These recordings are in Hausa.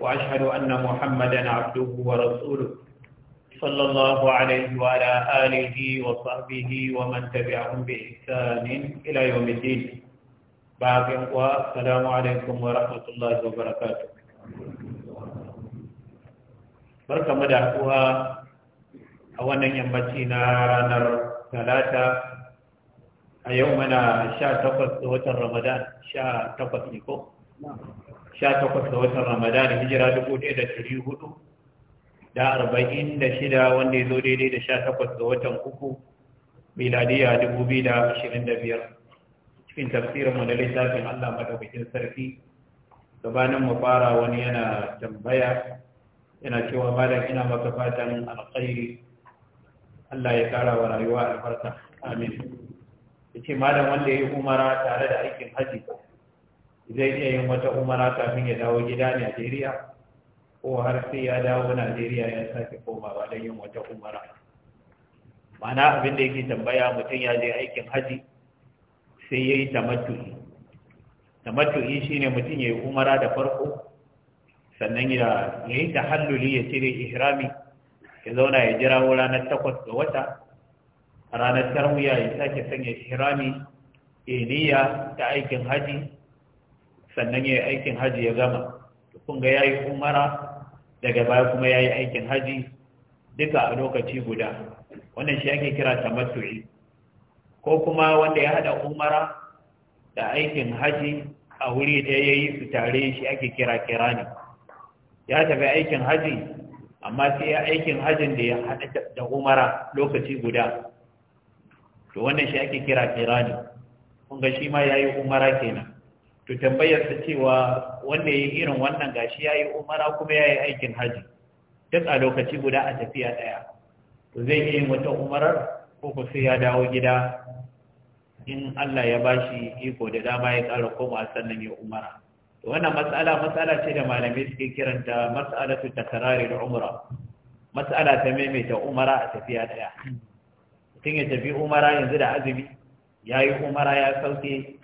وأشهد أن محمدا عبده ورسوله صلى الله عليه وعلى آله وصحبه ومن تبعهم بإحسان إلى يوم الدين بعد السلام عليكم ورحمة الله وبركاته بركة مدعوها أولا haɗuwa a ثلاثة أيومنا شاء ranar talata رمضان شاء mana sha sha ga watan ramadan hijira dubu ɗaya da 46 wanda ya zo daidai da sha takwas ga watan uku miladiya dubu biyu biyar cikin tafsirin mu na littafin allah madaukakin sarki gabanin mu fara wani yana tambaya yana cewa malam ina maka fatan alkhairi allah ya kara wa rayuwa albarka amin ya malam wanda ya yi umara tare da aikin haji zai iya yin wata umara kafin ya dawo gida Najeriya ko har sai ya dawo Najeriya ya sake komawa don yin wata umara mana abin da yake tambaya mutum ya je aikin haji sai ya yi tamattu'i tamattu'i shine mutum ya yi umara da farko sannan ya yi tahalluli ya cire ihrami ya zauna ya jira ranar takwas ga wata ranar tarwiya ya sake sanya ihrami niyya ta aikin haji sannan ya yi aikin haji ya gama kun ga ya yi umara daga baya kuma ya yi aikin haji duka a lokaci guda wannan shi ake kira tamattu'i ko kuma wanda ya haɗa umara da aikin haji a wuri da ya yi su tare shi ake kira kirani ya tafi aikin haji amma sai ya aikin hajin da ya haɗa da umara lokaci guda to wannan shi ake kira kirani kun ga shi ma ya yi umara kenan to tambayar ta cewa wanda ya yi irin wannan gashi ya yi umara kuma ya yi aikin haji duk a lokaci guda a tafiya ɗaya to zai yin wata umarar ko ku sai ya dawo gida in Allah ya bashi iko da dama ya ƙara koma sannan ya umara to wannan matsala matsala ce da malamai suke kiranta matsala ta takarari da umara matsala ta maimaita umara a tafiya ɗaya mutum ya tafi umara yanzu da azumi ya yi umara ya sauke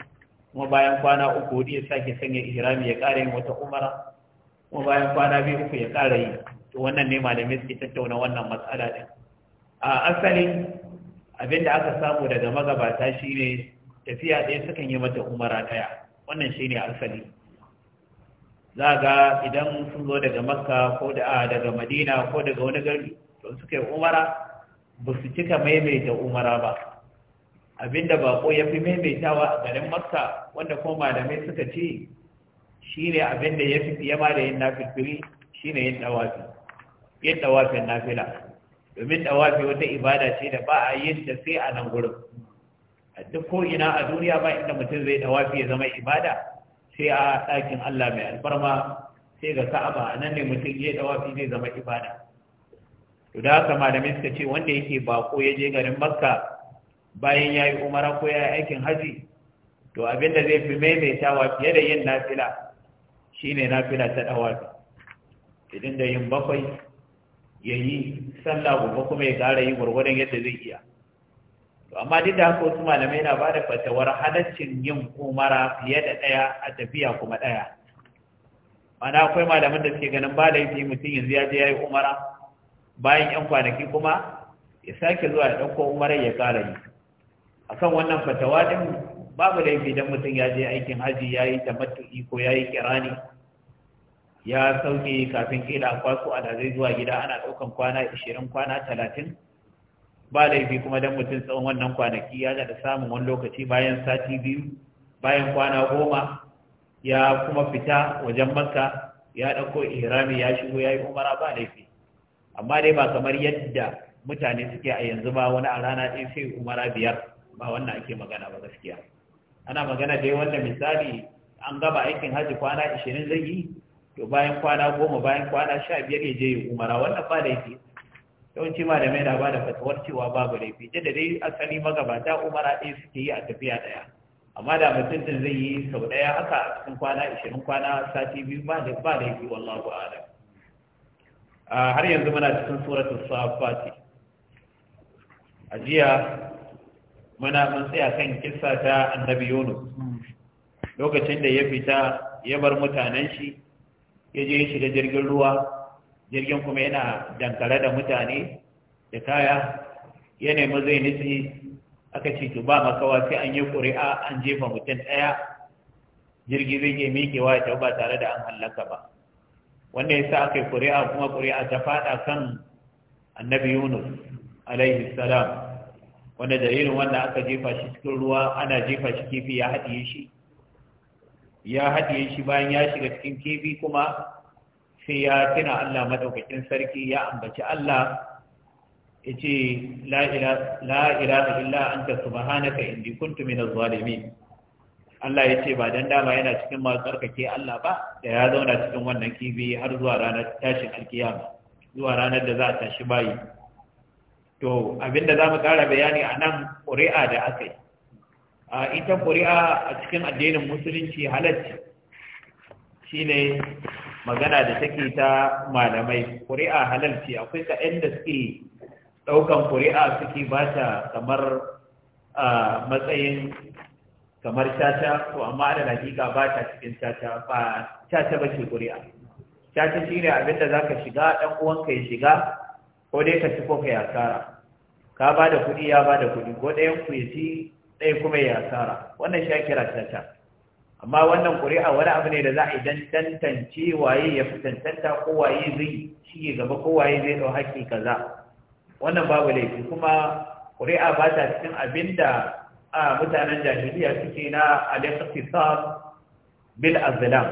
kuma bayan kwana uku ya sake sanya ihrami ya ƙara yin wata umara kuma bayan kwana biyu uku ya ƙara yi to wannan ne malamai suke tattauna wannan matsala din a asalin abin da aka samu daga magabata shine tafiya ɗaya sukan yi mata umara ɗaya wannan shine asali za ga idan sun zo daga makka ko daga madina ko daga wani gari to suka yi umara ba su cika maimaita umara ba abinda bako ya fi maimaitawa a garin makka wanda kuma malamai suka ce shi ne abinda ya fi fiye ma da yin nafilfili shi ne yin ɗawafi yin ɗawafin nafila domin ɗawafi wata ibada ce da ba a yin da sai a nan gurin a duk ko ina a duniya ba inda mutum zai ɗawafi ya zama ibada sai a ɗakin allah mai alfarma sai ga ka'aba a nan ne mutum ya ɗawafi zai zama ibada to da haka malamai suka ce wanda yake bako ya je garin makka bayan ya yi umara ko ya yi aikin haji to abinda zai fi maimaitawa fiye da yin nafila shi ne nafila ta dawafi idan da yin bakwai ya yi sallah gobe kuma ya ƙara yi gwargwadon yadda zai iya to amma duk da haka wasu malamai na ba da fatawar halaccin yin umara fiye da ɗaya a tafiya kuma ɗaya mana akwai malamin da suke ganin ba laifi mutum yanzu ya je ya yi umara bayan 'yan kwanaki kuma ya sake zuwa ya ɗauko umarai ya ƙara yi akan wannan fatawa din babu laifi idan mutum ya je aikin haji ya yi tamattu'i ko ya yi kirani ya sauke kafin kila a kwaso zai zuwa gida ana ɗaukan kwana ishirin kwana talatin ba laifi kuma dan mutum tsawon wannan kwanaki ya da samun wani lokaci bayan sati biyu bayan kwana goma ya kuma fita wajen makka ya ɗauko ihrami ya shigo ya yi umara ba laifi amma dai ba kamar yadda mutane suke a yanzu ba wani a rana ɗin sai umara biyar ba wannan ake magana ba gaskiya ana magana dai wanda misali an gaba aikin haji kwana 20 zai yi to bayan kwana goma bayan kwana sha ya je yi umara wannan ba laifi yawanci ma da mai da ba da fatawar cewa babu laifi da dai asali magabata umara ɗaya suke yi a tafiya ɗaya amma da mutum din zai yi sau ɗaya haka a cikin kwana 20 kwana sati biyu ba da ba laifi wallahu a'lam ah, har yanzu muna cikin suratul safati ajiya muna mun tsaya kan kisa ta annabi Yunus lokacin da ya fita ya bar mutanen shi ya je ya shiga jirgin ruwa jirgin kuma yana dankare da mutane da kaya ya nemi zai nitsi aka ce to ba makawa sai an yi ƙuri'a an jefa mutum ɗaya jirgi zai iya mikewa ya ba tare da an hallaka ba wanda ya sa aka yi ƙuri'a kuma ƙuri'a ta faɗa kan annabi yunus alaihi salam wanda dalilin wanda aka jefa shi cikin ruwa ana jefa shi kifi ya haɗiye shi ya haɗiye shi bayan ya shiga cikin kifi kuma sai ya tuna Allah madaukakin sarki ya ambaci Allah ya ce la’ira da illa anta subhanaka inni kuntu minaz zalimin Allah ya ce ba don dama yana cikin masu tsarkake Allah ba da ya zauna cikin wannan kifi har zuwa ranar tashin alkiyama zuwa ranar da za a tashi bayi to abinda za mu kara bayani a nan ƙuri'a da aka yi a ita ƙuri'a a cikin addinin musulunci halarci shi ne magana da take ta malamai ƙuri'a halalci akwai kaɗan da suke ɗaukan ƙuri'a suke ba ta kamar matsayin kamar caca to amma da hakika ba ta cikin caca ba caca ba ce ƙuri'a caca shi ne abinda za ka shiga ɗan uwanka ya shiga ko dai ka ci ko ka yi asara ka ba da kuɗi ya ba da kuɗi ko ɗayan ku ya ci ɗaya kuma ya tsara. wannan shi ake ratata amma wannan ƙuri'a wani abu ne da za a idan tantance waye ya fi tantanta ko waye zai ci gaba ko waye zai ɗau haƙƙi kaza wannan babu laifi kuma ƙuri'a ba ta cikin abin da mutanen jahiliya suke na al-iqtisad bil azlam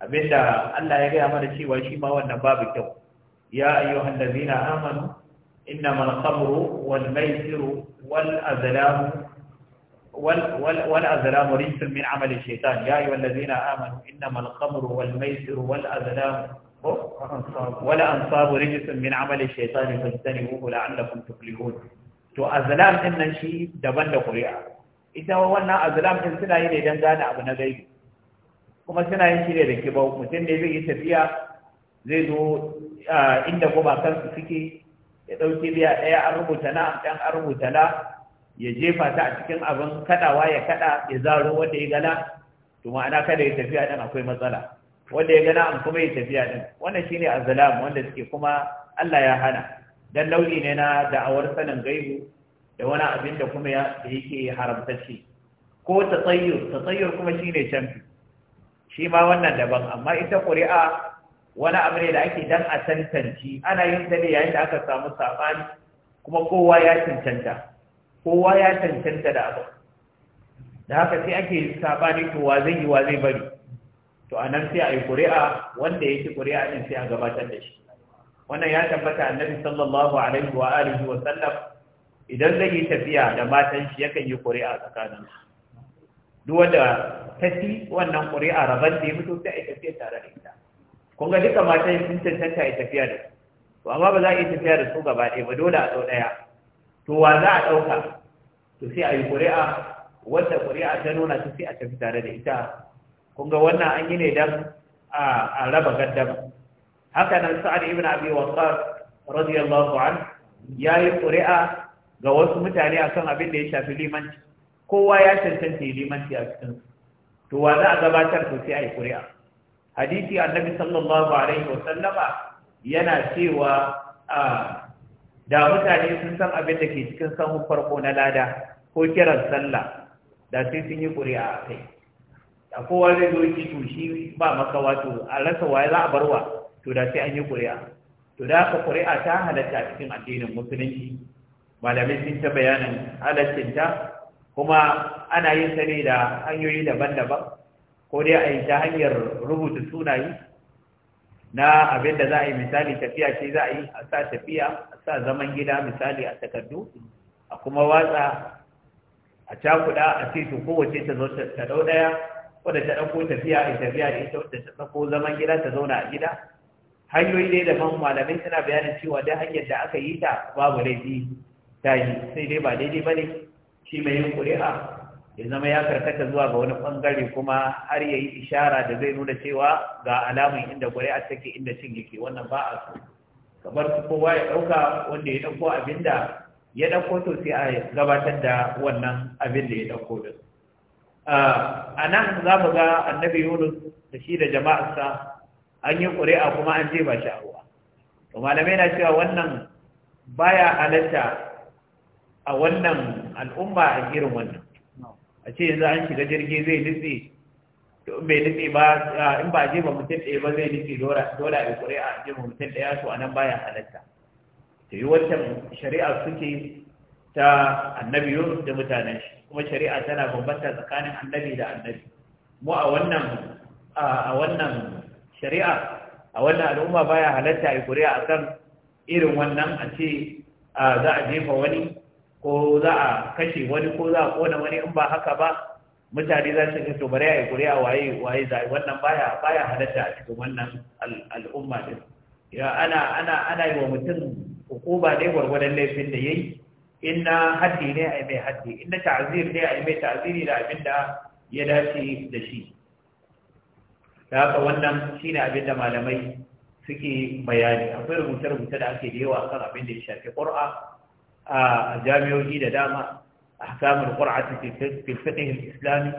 abinda Allah ya gaya mana cewa shi ma wannan babu kyau ya ayyuhan ladina amanu إنما الخمر والميسر والأزلام والأزلام رجس من عمل الشيطان يا أيها الذين آمنوا إنما الخمر والميسر والأزلام والأنصاب رجس من عمل الشيطان فاجتنبوه لعلكم تفلحون to azlam din nan shi daban da ƙuri'a ita wannan azlam suna yi ne don gane abu na gaibi kuma suna yin shi ne da kibau mutum ne zai yi tafiya zai zo inda gumakansu suke ya ɗauki biya ɗaya an rubuta na ɗan an rubuta la ya jefa ta a cikin abin kaɗawa ya kaɗa ya zaro wanda ya gana to ma'ana kada ya tafiya ɗin akwai matsala wanda ya gana an kuma ya tafiya ɗin wannan shine azlam wanda suke kuma Allah ya hana dan nau'i ne na da'awar sanin gaibu da wani abin da kuma ya yake haramtacce ko tsayyur tsayyur kuma shine canfi shi ma wannan daban amma ita ƙuri'a wani abu ne da ake dan a tantance ana yin ta ne yayin da aka samu sabani kuma kowa ya cancanta kowa ya cancanta da abu da haka sai ake sabani to wa zai yi wa zai bari to anan sai a yi ƙuri'a wanda ya ci ƙuri'a din sai a gabatar da shi wannan ya tabbata annabi sallallahu alaihi wa alihi wa sallam idan zai yi tafiya da matan shi yakan yi ƙuri'a tsakanin su duk wanda ta ci wannan ƙuri'a rabar da ya fito sai a tafiya tare da ita kun ga duka matan sun cancanta ya tafiya da su to amma ba za a yi tafiya da su gaba ɗaya ba dole a ɗau ɗaya to wa za a ɗauka to sai a yi ƙuri'a wanda ƙuri'a ta nuna ta sai a tafi tare da ita kun ga wannan an yi ne don a raba gaddama haka nan sa'ad ibn abi waqqas radiyallahu an ya yi ƙuri'a ga wasu mutane akan abin da ya shafi limanci kowa ya cancanta limanci a cikin to wa za a gabatar to sai a yi ƙuri'a hadisi annabi sallallahu alaihi wasallama yana cewa ah, da mutane sun san abin da ke cikin sahu farko na lada ko kiran sallah da sai sun yi ƙuri'a a kai da kowa zai zo shi to shi ba maka wato a rasa waye za a barwa to da sai an yi ƙuri'a to da aka ƙuri'a ta halatta cikin addinin musulunci malamai sun ta bayanin halaccinta kuma ana yin ta ne da hanyoyi daban-daban ko dai a yi ta hanyar rubuta sunayi na abin da za a yi misali tafiya ce za a yi a sa tafiya a sa zaman gida misali a takardu a kuma watsa a cakuda a ce kowace ta zo ta dau daya da ta dauko tafiya a tafiya da ita wadda ta dauko zaman gida ta zauna a gida hanyoyi ne da ban malamai suna bayanin cewa dai hanyar da aka yi ta babu laifi ta yi sai dai ba daidai ba ne, shi mai yin ƙuri'a ya zama ya karkata zuwa ga wani bangare kuma har yayi ishara da zai nuna cewa ga alamun inda a take inda cin yake wannan ba a so kamar su kowa ya ɗauka wanda ya ɗauko abin ya ɗauko to sai a gabatar da wannan abin da ya ɗauko da a nan za mu ga annabi yunus da shi da jama'arsa an yi ƙuri'a kuma an je ba shi a to malamai na cewa wannan baya halatta a wannan al'umma a irin wannan a ce yanzu an shiga jirgi zai nutse to in bai nutse ba in ba je ba mutum ɗaya ba zai nutse dole a yi ƙuri'a a je ba mutum ɗaya to a nan baya halatta ta yi wancan shari'a suke ta annabi yunus da mutanen shi kuma shari'a tana bambanta tsakanin annabi da annabi mu a wannan a wannan shari'a a wannan al'umma baya halatta a yi ƙuri'a akan irin wannan a ce za a jefa wani ko za a kashe wani ko za a kona wani in ba haka ba mutane za su yi to bari a yi kuri'a waye waye zai wannan baya baya halatta a cikin wannan al'umma din ya ana ana ana yi wa mutum hukuma ne gwargwadon laifin da yayi in na haddi ne a yi mai haddi in na ta'zir ne a yi mai ta'ziri da abin da ya dace da shi da haka wannan shine abin da malamai suke bayani akwai rubuce-rubuce da ake da yawa kan abin da ya shafi ƙura a jami'o'i da dama a qur'ati ƙura'a fiqh al-islami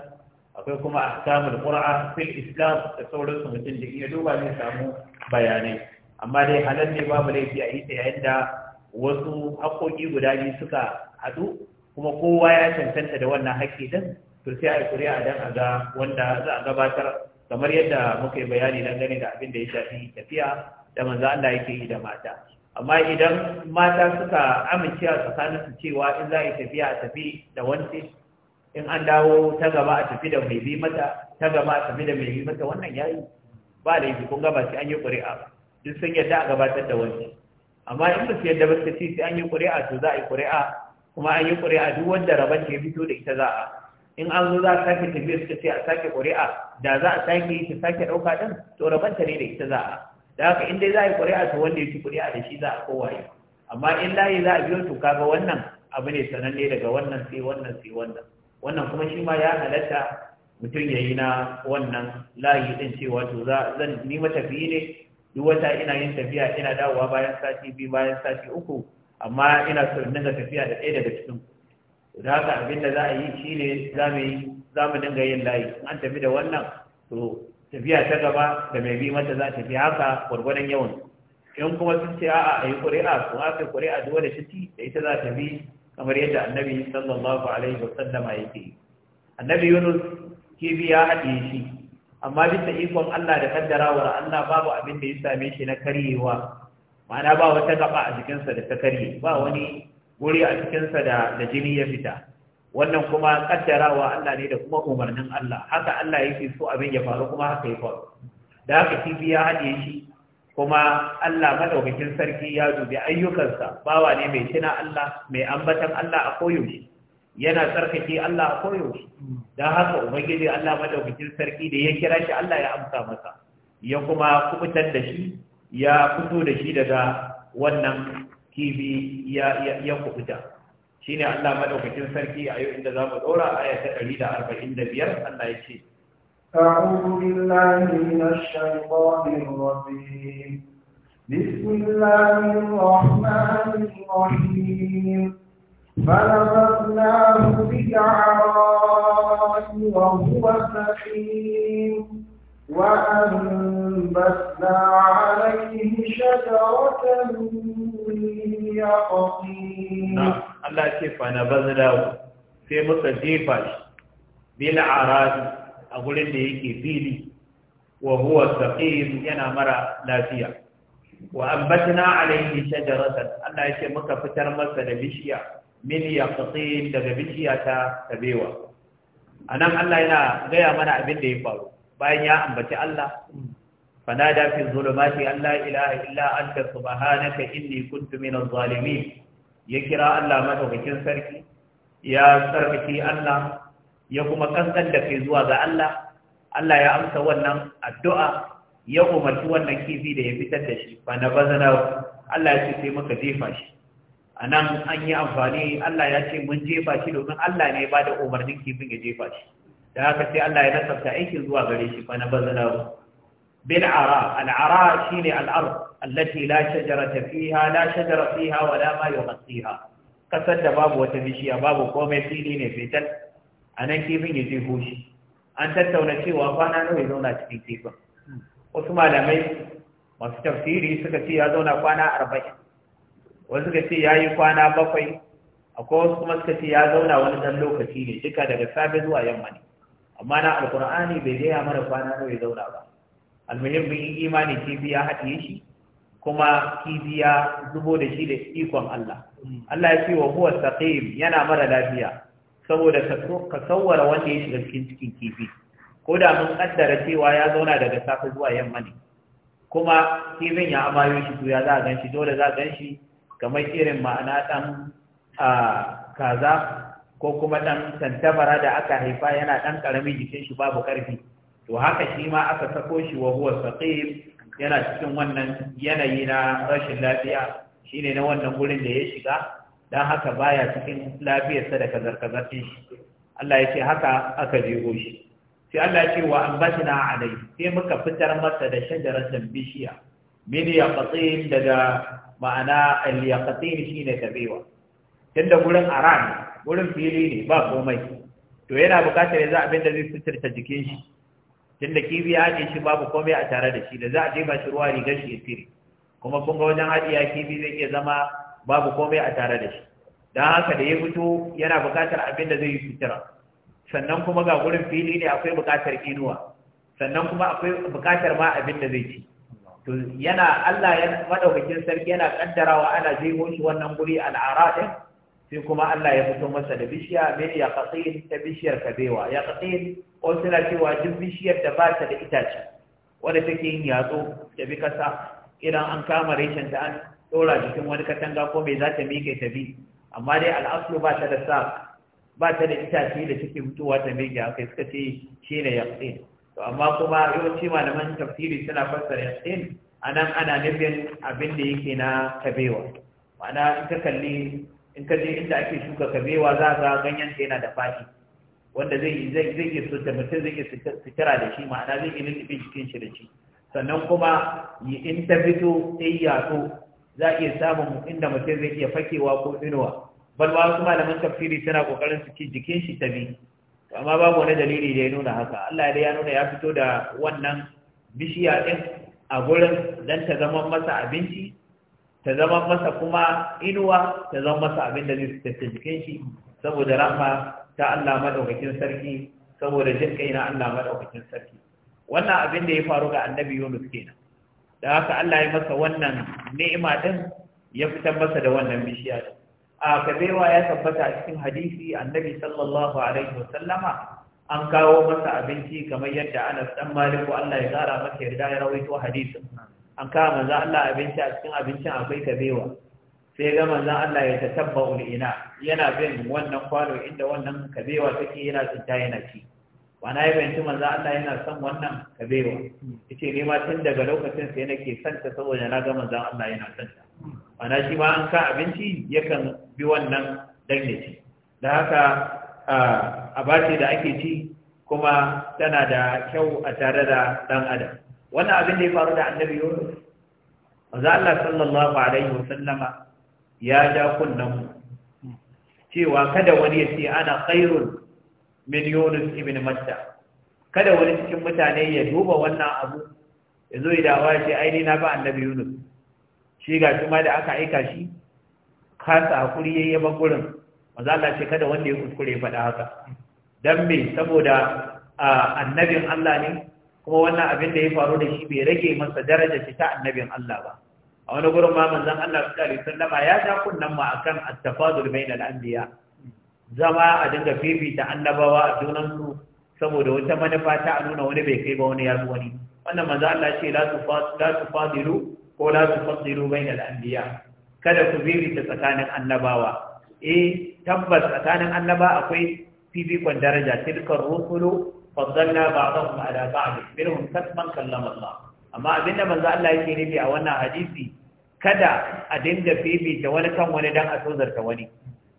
akwai kuma ahkamul ƙura'a fil islam da sauransu mutum da iya duba ne samu bayanai amma dai halar ne babu laifi a yi ta yayin da wasu haƙoƙi guda biyu suka haɗu kuma kowa ya cancanta da wannan haƙƙi din to sai a yi kuri'a don a ga wanda za a gabatar kamar yadda muka yi bayani gani da abin da ya shafi tafiya da manzo Allah yake yi da mata amma idan mata suka amince a tsakaninsu cewa in za a tafiya a tafi da wanti in an dawo ta gaba a tafi da mai bi mata ta gaba a tafi da mai bi mata wannan yayi ba da yi kun gaba sai an yi ƙuri'a duk sun yadda a gabatar da wanti amma in ba su yadda ba suka sai an yi ƙuri'a to za a yi ƙuri'a kuma an yi ƙuri'a duk wanda rabon ke fito da ita za a in an zo za a sake tafiya suka ce a sake ƙuri'a da za a sake yi ta sake ɗauka ɗin to rabon ta ne da ita za a da haka in dai za a yi ƙuri'a to wanda ya ci ƙuri'a da shi za a kowaye amma in layi za a biyo to kaga wannan abu ne sananne daga wannan sai wannan sai wannan wannan kuma shi ma ya halatta mutum ya yi na wannan layi din cewa to za zan ni matafiyi ne duk wata ina yin tafiya ina dawowa bayan sati biyu bayan sati uku amma ina so in dinga tafiya da ɗaya daga cikin da haka abin da za a yi shi ne za mu dinga yin layi an tafi da wannan to tafiya ta gaba da mai bi mata za ta fi haka gwargwadon yawan in kuma sun ce a'a a yi ƙuri'a a aka ƙuri'a duwa da shi da ita za ta bi kamar yadda annabi sallallahu alaihi wa ya yake annabi yunus bi ya haɗe shi amma bisa ikon Allah da kaddarawar Allah babu abin da ya same shi na karyewa ma'ana ba wata gaba a jikinsa da ta karye ba wani guri a cikinsa da jini ya fita wannan kuma kaddarawa Allah ne da kuma umarnin Allah haka Allah yake so abin ya faru kuma haka ya faru da haka kifi ya haɗe shi kuma Allah madaukakin sarki ya dubi ayyukansa bawa ne mai tuna Allah mai ambatan Allah a koyaushe yana tsarkake Allah a koyaushe don haka ubangiji Allah madaukakin sarki da ya kira shi Allah ya amsa masa ya kuma kubutar da shi ya fito da shi daga wannan kifi ya kubuta shi ne Allah maɗaukacin sarki a yau inda za mu ɗora a yata ɗari da arba'in da biyar Allah ya ce. فنبذناه بجعرات وهو سقيم وأنبثنا عليه شجرة من يقطين Allah ce fa na bazna sai muka jefa shi bil aradi a gurin da yake fili wa huwa saqim yana mara lafiya wa ambatna alayhi shajaratan Allah ce muka fitar masa da bishiya min yaqtin daga bishiya ta tabewa anan Allah yana gaya mana abin da ya faru bayan ya ambaci Allah fanada fi zulumati Allah ilaha illa anta subhanaka inni kuntu minaz zalimin ya kira Allah madaukakin sarki ya sarkaci Allah ya kuma kankan da kai zuwa ga Allah Allah ya amsa wannan addu'a ya umarci wannan kifi da ya fitar da shi ba na bazana Allah ya ce sai muka jefa shi a nan an yi amfani Allah ya ce mun jefa shi domin Allah ne ba da umarnin kifin ya jefa shi da haka sai Allah ya nasarta aikin zuwa gare shi ba na bazana bil ara al'ara shi shine al allati la shajarata fiha la shajara fiha wala ma yughsiha kasar da babu wata bishiya babu komai fili ne fetal anan kifin ya je hoshi an tattauna cewa kwana nawa ya zauna cikin kifin wasu malamai masu tafsiri suka ce ya zauna kwana arba'in wasu suka ce ya yi kwana bakwai akwai wasu kuma suka ce ya zauna wani dan lokaci ne duka daga safe zuwa yamma ne amma na alkur'ani bai gaya mana kwana nawa ya zauna ba almuhim mun yi imani kifi ya haɗiye shi kuma kibiya zubo da shi da ikon Allah mm. Allah ya ce wa huwa saqim yana mara lafiya saboda ka tsawara wanda ya shiga cikin cikin kifi ko da mun kaddara cewa ya zauna daga safe zuwa yamma ne kuma kifin ya amayo shi to ya za a ganshi dole za a shi kamar irin ma'ana dan a kaza ko kuma dan santabara da aka haifa yana dan karamin jikin shi babu karfi to haka shi ma aka sako shi wa huwa saqim yana cikin wannan yanayi na rashin lafiya Shi ne na wannan wurin da ya shiga don haka baya cikin lafiyarsa da kazar-kazar shi Allah ya ce haka aka jego shi sai Allah ya ce wa an bashi na alai sai muka fitar masa da shajarar bishiya min fatsin daga ma'ana al-yaqatin shine tabewa tunda gurin aran gurin fili ne ba komai to yana bukatar yanzu abin da zai fitar ta jikin shi tunda kibi ya haɗe shi babu komai a tare da shi da za a jefa shi ruwa rigar shi ya kuma kun ga wajen haɗiya kibi zai iya zama babu komai a tare da shi don haka da ya fito yana buƙatar abin da zai yi sutura sannan kuma ga gurin fili ne akwai buƙatar inuwa sannan kuma akwai buƙatar ma abin da zai ci to yana Allah ya madaukakin sarki yana kaddarawa ana zai shi wannan guri al'ara sai kuma Allah ya fito masa da bishiya mai ya katsin ta bishiyar kabewa ya katsin wasu suna cewa duk bishiyar da ba ta da itace wadda take yin yatsu da bi kasa idan an kama reshen ta an ɗora jikin wani katanga ko mai za ta miƙe ta bi amma dai al'aslu ba ta da sa ba ta da itace da take fitowa ta miƙe akai suka ce shi ne yaqin to amma kuma yawanci malaman tafsiri suna fassara a anan ana nufin abin da yake na kabewa ma'ana ita ka kalli in ka je inda ake shuka kabewa za ka ganyen ta yana da fashi wanda zai zai zai so ta mutum zai yi sutura da shi ma'ana zai yi lulluɓe jikin shi da shi sannan kuma in ta fito ta yi yato za a iya samun inda mutum zai iya fakewa ko inuwa balwa wasu malaman tafsiri suna kokarin su ci jikin shi ta bi amma babu wani dalili da ya nuna haka Allah dai ya nuna ya fito da wannan bishiya din a gurin dan ta zama masa abinci ta zama masa kuma inuwa ta zama masa abin da zai tafi jikin shi saboda rahma ta Allah madaukakin sarki saboda jin kai na Allah madaukakin sarki wannan abin da ya faru ga annabi Yunus kenan da haka Allah ya masa wannan ni'ima din ya fitar masa da wannan bishiya a kabewa ya tabbata a cikin hadisi annabi sallallahu alaihi sallama an kawo masa abinci kamar yadda Anas dan Malik Allah ya kara masa yarda ya rawaito hadisin an kawo manzan Allah abinci a cikin abincin akwai kabewa sai ga manzan Allah ya tatabba ina, yana bin wannan kwano inda wannan kabewa take yana tsinta yana ci wana ya bayanci manzan Allah yana son wannan kabewa ce ne ma tun daga lokacin sai nake son ta saboda na ga manzan Allah yana son ta wana shi ma an ka abinci yakan bi wannan dan ya ci da haka a bace da ake ci kuma tana da kyau a tare da dan adam wannan abin da ya faru da annabi yunus manzo Allah sallallahu alaihi wasallama ya ja kunnan cewa kada wani ya ce ana khairun min yunus ibn matta kada wani cikin mutane ya duba wannan abu ya zo ya dawa ce ai na ba annabi yunus shi ga shi ma da aka aika shi kasa hakuri yayi ban gurin manzo Allah ce kada wanda ya kuskure faɗa haka dan me saboda annabin Allah ne kuma wannan abin da ya faru da shi bai rage masa daraja shi ta annabin Allah ba a wani gurin ma manzon Allah sallallahu alaihi wasallama ya ja kunnan ma akan at-tafadul bainal anbiya zama a dinga ta annabawa a junansu saboda wata manufa ta nuna wani bai kai ba wani ya wani wannan manzo Allah ce la tufadilu ko la tufadilu bainal anbiya kada ku ta tsakanin annabawa eh tabbas tsakanin annaba akwai fifikon daraja tilkar rusulu faddalna ba'dahum ala ba'd minhum kasman kallama Allah amma abinda manzo Allah yake nufi a wannan hadisi kada a dinga fifita wani kan wani dan a tozarta wani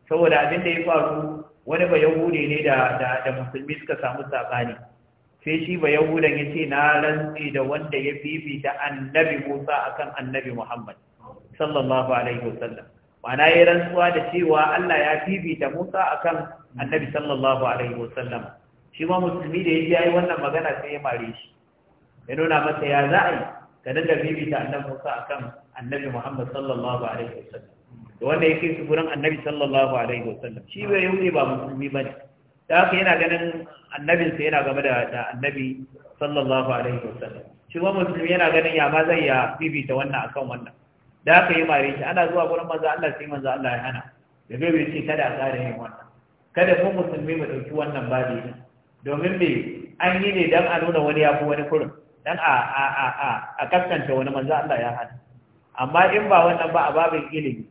saboda abinda ya faru wani ba yahude ne da musulmi suka samu sabani sai shi ba yahudan yace na rantsi da wanda ya fifita annabi Musa akan annabi Muhammad sallallahu alaihi wasallam ma'ana ya rantsuwa da cewa Allah ya fifita Musa akan annabi sallallahu alaihi wasallam shi ma musulmi da ya ji ya yi wannan magana sai ya mare shi ya nuna masa ya za a yi ka dinga bibita annabi musa akan annabi muhammad sallallahu alaihi wasallam da wanda ya kai su gurin annabi sallallahu alaihi wasallam shi bai yi ba musulmi ba ne da haka yana ganin annabinsa yana game da annabi sallallahu alaihi wasallam shi ma musulmi yana ganin ya ma zai ya bibita wannan akan wannan da haka yi mare shi ana zuwa gurin manzo Allah sai manzo Allah ya hana da bai ce kada a ƙara yin wannan kada mu musulmi mu ɗauki wannan babi domin me an yi ne don a nuna wani ya fi wani kurin don a a a a a kaskanta wani manzo Allah ya hana amma in ba wannan ba a babin ilimi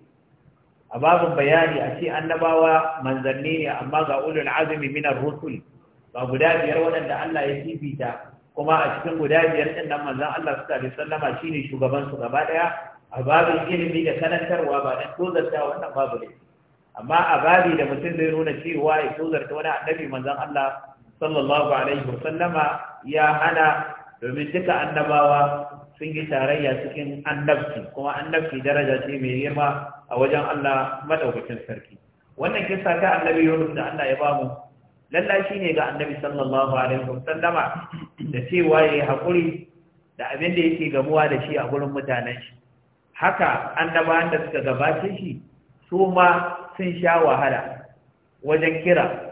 a babin bayani a ce annabawa manzanni ne amma ga ulul azumi ar rusul ba guda biyar waɗanda Allah ya fifita kuma a cikin guda biyar ɗin nan manzon Allah sallallahu alaihi wasallama shine shugaban su gaba daya a babin ilimi da sanantarwa, ba dan tozarta wannan babu ne amma a babi da mutum zai nuna cewa ya tozarta wani annabi manzon Allah sallallahu alaihi wasallama ya hana domin duka annabawa sun yi tarayya cikin annabci kuma annabci daraja ce mai girma a wajen Allah madaukakin sarki wannan kisa ta annabi Yunus da Allah ya bamu Lallai shine ga annabi sallallahu alaihi wasallama da cewa yayi hakuri da abin da yake gamuwa da shi a gurin mutanen shi haka annabawan da suka gabace shi su ma sun sha wahala wajen kira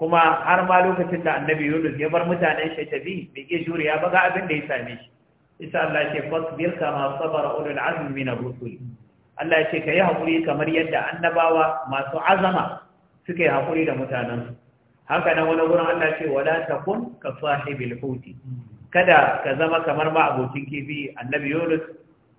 kuma har ma lokacin da annabi yunus ya bar mutanen shi tafi bai iya juriya ba ga abin da ya same shi isa Allah ce fasbir kama sabara ulul azmi min ar-rusul Allah ya ce yi hakuri kamar yadda annabawa masu azama suka yi hakuri da mutanen haka nan wani gurin Allah ce wala takun ka sahibil huti kada ka zama kamar ma abokin kifi annabi yunus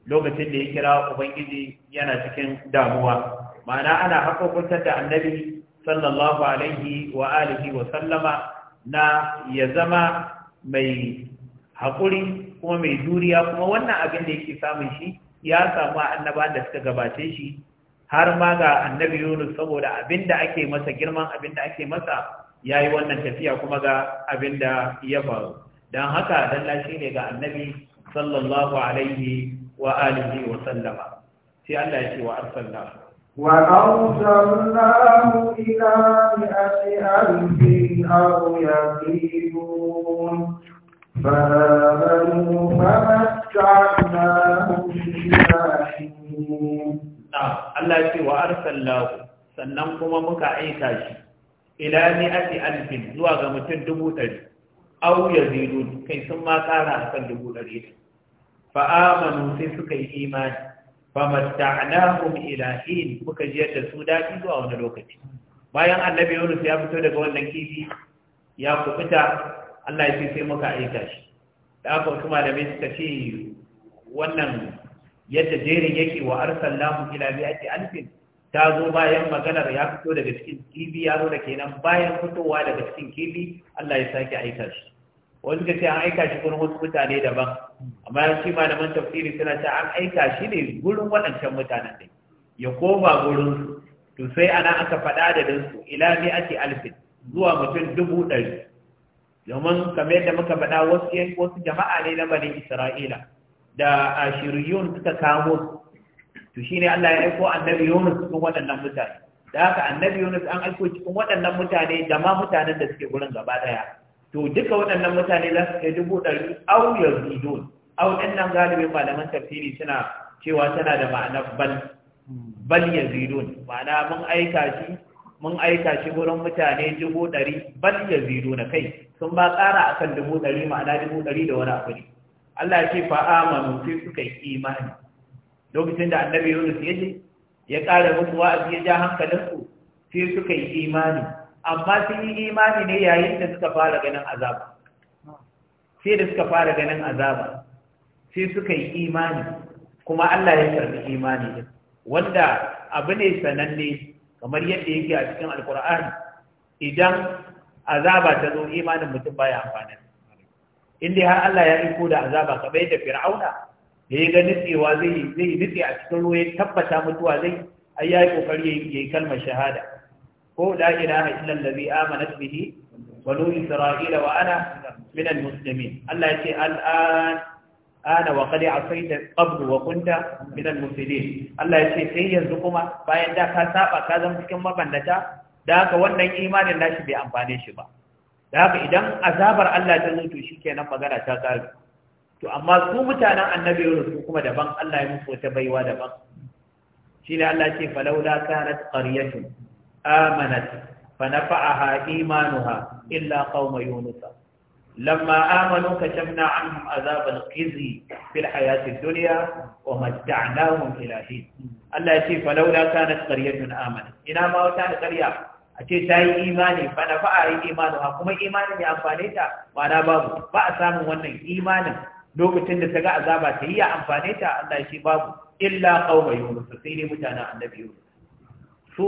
lokacin da ya kira ubangiji yana cikin damuwa ma'ana ana hakokuntar da annabi sallallahu alaihi wa alihi wa sallama na ya zama mai haƙuri kuma mai juriya kuma wannan abin da yake samun shi ya samu annaba da suka gabace shi har ma ga annabi Yunus saboda abin da ake masa girman abin da ake masa ya yi wannan tafiya kuma ga abin da ya faru don haka dalla shi ne ga annabi sallallahu alaihi wa alihi wa sallama sai Allah ya ce wa arsalna وأرسلناه إلى مئة ألف أو فآمنوا فمتعناهم Allah sannan kuma muka aika shi ila mi'ati alfin zuwa ga mutum dubu ɗari au ya zidu kai sun ma kara a dubu ɗari fa amanu sai suka yi imani فمتعناهم إلى حين muka jiyar da su daɗi zuwa wani lokaci bayan annabi Yunus ya fito daga wannan kifi ya kubuta Allah ya ce sai muka aika shi da aka da malamai suka ce wannan yadda jerin yake wa arsalnahu ila mi'ati alfin ta zo bayan maganar ya fito daga cikin kifi ya zo da kenan bayan fitowa daga cikin kifi Allah ya sake aika shi wasu ka ce an aika shi gurin wasu mutane daban amma shi malaman tafsiri suna ce an aika shi ne gurin waɗancan mutanen ne ya koma gurin to sai ana aka faɗa da dinsu ila ne ake alfin zuwa mutum dubu ɗari domin kamar yadda muka faɗa wasu yan wasu jama'a ne na bani isra'ila da ashiriyun suka kamo to shine Allah ya aiko annabi Yunus cikin waɗannan mutane da haka annabi Yunus an aiko cikin waɗannan mutane da ma mutanen da suke gurin gaba ɗaya to duka waɗannan mutane za su kai dubu ɗari au ya zido au ɗin nan galibin malaman tafsiri suna cewa tana da ma'ana bal bal ya zido ma'ana mun aika shi mun aika shi wurin mutane dubu ɗari bal ya na kai sun ba ƙara a kan dubu ɗari ma'ana dubu ɗari da wani abu ne Allah ya ce amanu sai suka yi imani lokacin da annabi Yunus ya je ya ƙara musu wa'azi ya ja hankalinsu sai suka yi imani amma sun yi imani ne yayin da suka fara ganin azaba sai da suka fara ganin azaba sai suka yi imani kuma Allah ya karbi imani din wanda abu ne sananne kamar yadda yake a cikin alkur'ani idan azaba ta zo imanin mutum baya amfani inda har Allah ya iko da azaba kamar da fir'auna da ya ga nitsewa zai zai nutse a cikin ruwa ya tabbata mutuwa zai ai yayi kokari yayi kalmar shahada ko la ilaha illa allazi amanat bihi banu isra'ila wa ana min almuslimin Allah ya ce al'an ana wa qad asaita qabl wa kunta min almufsidin Allah ya ce sai yanzu kuma bayan da ka saba ka zama cikin mabandata da haka wannan imanin nashi bai amfane shi ba da haka idan azabar Allah ta zo to shikenan magana ta kare to amma su mutanen annabi Yunus su kuma daban Allah ya musu wata baiwa daban shine Allah ya ce falaula kanat qaryatun amanat fa nafa'aha imanuha illa qauma yunus lamma amanu kashafna anhum azab al-khizy Allah ya ce fa laula kanat qaryatun amanat ina ma wata qarya a ce ta yi imani ba na fa'ari imanuwa kuma imanin ya amfane ta ba na babu ba a samun wannan imanin lokacin da ta ga azaba ta yi ya babu Ila kauma yunus sai ne mutanen annabi su